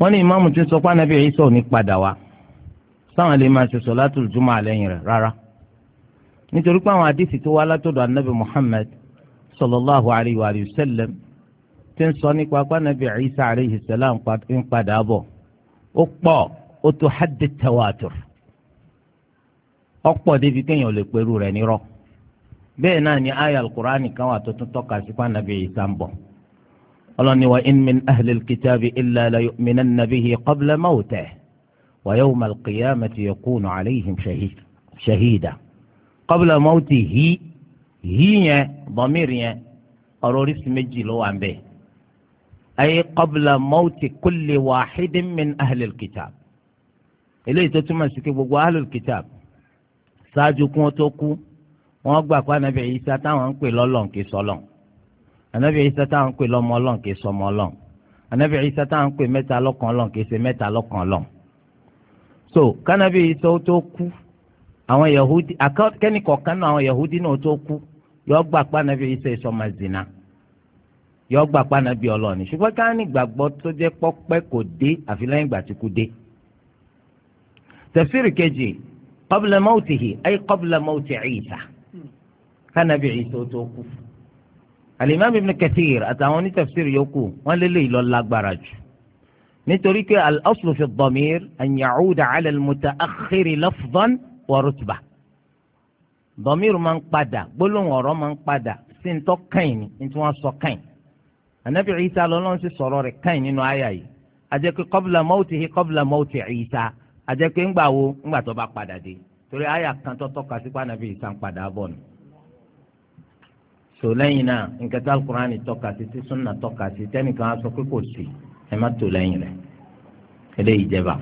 wọ́n ní ìmáàmù ti sọ pé anabi Ìsá ò ní padà wá sáwọn lè máa ṣe sọ̀látùl jumu'a àlẹ́yìn rẹ̀ rárá nítorí pé àwọn àdìsí tó wá látọ̀dọ̀ anabi Muhammad sallallahu alayhi wa sallam ti ń sọ nípa pé anabi Ìsá alayhi salam ń padà bọ̀ ó pọ̀ ó tó haddi tawatur ọ̀pọ̀ débi kéèyàn lè pẹ̀lú rẹ̀ nírọ̀ bẹ́ẹ̀ náà ni aya al-Qur'ani wà tó tún tọ́ka sí pé anabi Ìsá ń bọ̀ ọlọ́ni wa in min ahli alkitabi illa la yu'minanna bihi qabla mawtih wa yawma alqiyamati yakunu alayhim shahida qabla mawtihi hii yẹn dọ̀míìrì yẹn ọ̀rọ̀ oríṣi méjì ló wà ń bẹ̀. ayé qabla mawti kulli wahidin min ahli alkitab eléyìí tó túmọ̀ sí pé gbogbo ahli alkitab ṣáájú kún ó tó kú wọ́n gbà pé anabi Isa táwọn ń pè lọ́lọ́n kì í sọ́lọ́n anabi isa tá à ń pè lọ́mọ ọlọ́run kì í sọmọ ọlọ́run anabi isa tá à ń pè mẹ́ta lọ́kan ọlọ́run kì í ṣe mẹ́ta lọ́kan ọlọ́run. so kánabi isa ó tó kú àwọn yahudi kẹ́nìkọ̀ọ́kan náà àwọn yahudi náà ó tó kú yọ gbà pa anabi isa ìsọmọ zina yọ gbà pa anabi ọlọ́run ṣùgbọ́n ká gbàgbọ́ tó jẹ́ pọ́pẹ́ kò dé àfi lẹ́yìn dé. tafsiri kejì qabla mawtihi ay qabla mawti isa kánabi isa ó tó kú alimami ibn kathir àtàwọn onítafsir yòókù wọn lélẹ̀ ìlọ lágbára jù nítorí pé al-aslu fi ad-damir an ya'uda 'ala al-muta'akhkhiri lafdan wa rutba dọ̀míìrù máa ń padà gbólóhùn ọ̀rọ̀ máa ń padà sí ntọ́ kàn ní tí wọ́n sọ kàn anabi isa lọ́lọ́run sì sọ̀rọ̀ rẹ̀ kàn nínú àyà yìí àjẹkẹ́ qabla mawtihi qabla mawti isa àjẹkẹ́ ńgbà wo bá padà dé torí àyà kan tọ́ka sí pé anabi isa ń padà bọ̀ nù tò lẹ́yìn náà nǹkan tá alukur'ani tọ́ka sí tí sunna tọ́ka sí tẹ́nìkan á sọ pé kò sí ẹ má tò lẹ́yìn rẹ̀ eléyìí jẹba.